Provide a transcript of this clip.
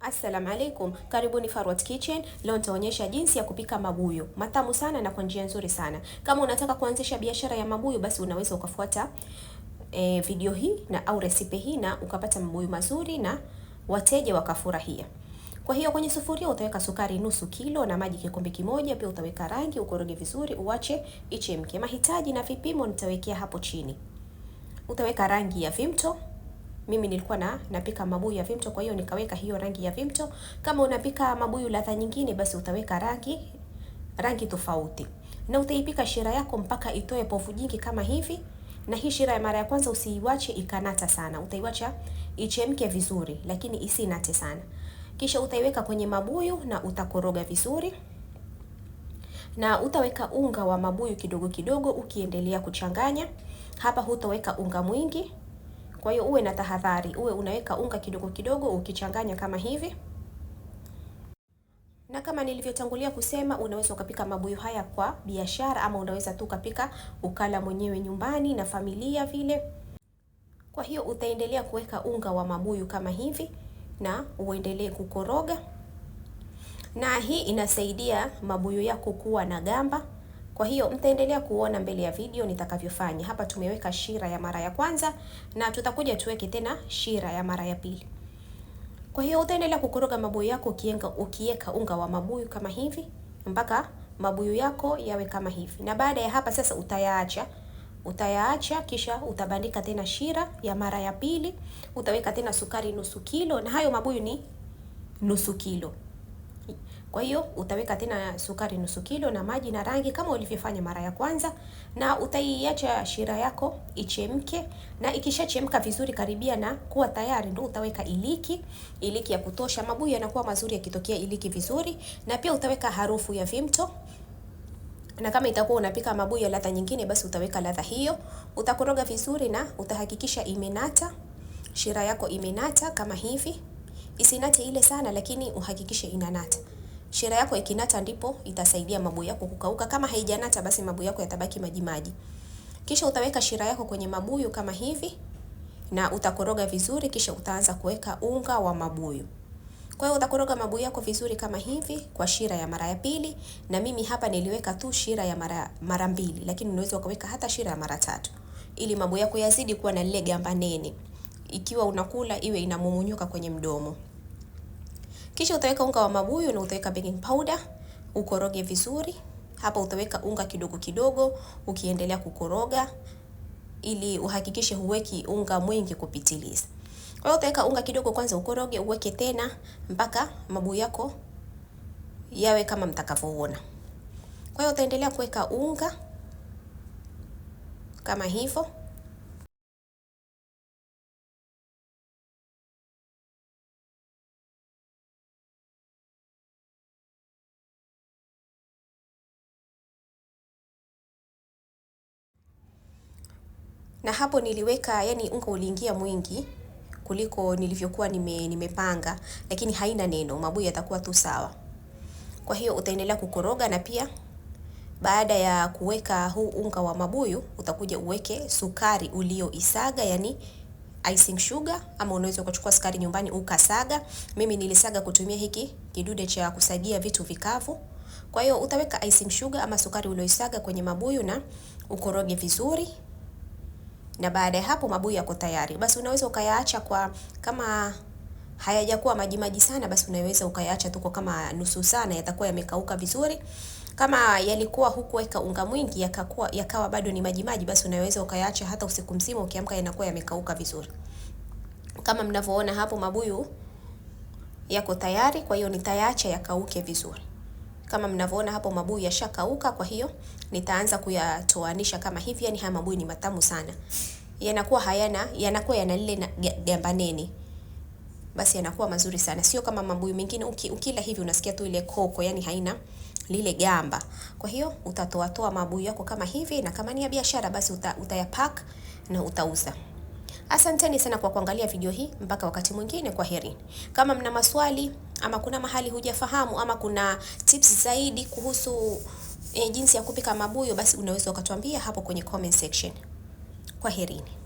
Assalamu alaikum, karibuni Farwat Kitchen. Leo nitaonyesha jinsi ya kupika mabuyu matamu sana na kwa njia nzuri sana. Kama unataka kuanzisha biashara ya mabuyu, basi unaweza ukafuata e, video hii na au resipe hii na ukapata mabuyu mazuri na wateja wakafurahia. Kwa hiyo kwenye sufuria utaweka sukari nusu kilo na maji kikombe kimoja, pia utaweka rangi, ukoroge vizuri, uwache ichemke. Mahitaji na vipimo nitawekea hapo chini. Utaweka rangi ya vimto mimi nilikuwa na napika mabuyu ya vimto, kwa hiyo nikaweka hiyo rangi ya vimto. Kama unapika mabuyu ladha nyingine, basi utaweka rangi rangi tofauti, na utaipika shira yako mpaka itoe povu jingi kama hivi. Na hii shira ya mara ya kwanza usiiwache ikanata sana, utaiwacha ichemke vizuri, lakini isinate sana. Kisha utaiweka kwenye mabuyu na utakoroga vizuri na utaweka unga wa mabuyu kidogo kidogo, ukiendelea kuchanganya. Hapa hutaweka unga mwingi. Kwa hiyo uwe na tahadhari, uwe unaweka unga kidogo kidogo ukichanganya kama hivi. Na kama nilivyotangulia kusema, unaweza ukapika mabuyu haya kwa biashara ama unaweza tu ukapika ukala mwenyewe nyumbani na familia vile. Kwa hiyo utaendelea kuweka unga wa mabuyu kama hivi na uendelee kukoroga. Na hii inasaidia mabuyu yako kuwa na gamba. Kwa hiyo mtaendelea kuona mbele ya video nitakavyofanya. Hapa tumeweka shira ya mara ya kwanza na tutakuja tuweke tena shira ya mara ya pili. Kwa hiyo utaendelea kukoroga mabuyu yako ukienga, ukiweka unga wa mabuyu kama hivi mpaka mabuyu yako yawe kama hivi, na baada ya hapa sasa utayaacha utayaacha kisha utabandika tena shira ya mara ya pili, utaweka tena sukari nusu kilo, na hayo mabuyu ni nusu kilo. Kwa hiyo utaweka tena sukari nusu kilo na maji na rangi kama ulivyofanya mara ya kwanza, na utaiacha shira yako ichemke, na ikishachemka vizuri karibia na kuwa tayari, ndio utaweka iliki, iliki ya kutosha. Mabuyu yanakuwa mazuri yakitokea iliki vizuri, na pia utaweka harufu ya vimto na kama itakuwa unapika mabuyu ya ladha nyingine, basi utaweka ladha hiyo. Utakoroga vizuri na utahakikisha imenata, shira yako imenata kama hivi. Isinate ile sana, lakini uhakikishe inanata. Shira yako ikinata ndipo itasaidia mabuyu yako kukauka. Kama haijanata basi mabuyu yako yatabaki maji maji. Kisha utaweka shira yako kwenye mabuyu kama hivi na utakoroga vizuri, kisha utaanza kuweka unga wa mabuyu. Kwa hiyo utakoroga mabuyu yako vizuri kama hivi kwa shira ya mara ya pili, na mimi hapa niliweka tu shira ya mara mara mbili, lakini unaweza ukaweka hata shira ya mara tatu ili mabuyu yako yazidi kuwa na lile gamba nene, ikiwa unakula iwe inamumunyuka kwenye mdomo. Kisha utaweka unga wa mabuyu na utaweka baking powder, ukoroge vizuri. Hapa utaweka unga kidogo kidogo, ukiendelea kukoroga ili uhakikishe huweki unga mwingi kupitiliza. Kwa hiyo utaweka unga kidogo kwanza, ukoroge, uweke tena mpaka mabuyu yako yawe kama mtakavyoona. Kwa hiyo utaendelea kuweka unga kama hivyo. na hapo niliweka, yani unga uliingia mwingi kuliko nilivyokuwa nime, nimepanga, lakini haina neno, mabuyu yatakuwa tu sawa. Kwa hiyo utaendelea kukoroga, na pia baada ya kuweka huu unga wa mabuyu utakuja uweke sukari ulioisaga, yani icing sugar, ama unaweza ukachukua sukari nyumbani ukasaga. Mimi nilisaga kutumia hiki kidude cha kusagia vitu vikavu. Kwa hiyo utaweka icing sugar ama sukari ulioisaga kwenye mabuyu na ukoroge vizuri na baada ya hapo mabuyu yako tayari. Basi unaweza ukayaacha kwa kama hayajakuwa majimaji sana, basi unaweza ukayaacha tu kwa kama nusu sana, yatakuwa yamekauka vizuri. Kama yalikuwa hukuweka unga mwingi yakakuwa yakawa bado ni majimaji, basi unaweza ukayaacha hata usiku mzima, ukiamka yanakuwa yamekauka vizuri. Kama mnavyoona hapo mabuyu yako tayari, kwa hiyo nitayaacha yakauke vizuri. Kama mnavyoona hapo mabuyu yashakauka, kwa hiyo nitaanza kuyatoanisha kama hivi. Yani haya mabuyu ni matamu sana, yanakuwa hayana yanakuwa yana lile gambaneni, basi yanakuwa mazuri sana, sio kama mabuyu mengine uki, ukila hivi unasikia tu ile koko, yani haina lile gamba. Kwa hiyo utatoa toa mabuyu yako kama hivi, na kama ni ya biashara basi uta, na utauza. Asanteni sana kwa kuangalia video hii, mpaka wakati mwingine, kwa heri. Kama mna maswali ama kuna mahali hujafahamu ama kuna tips zaidi kuhusu e, jinsi ya kupika mabuyu, basi unaweza ukatuambia hapo kwenye comment section. Kwa herini.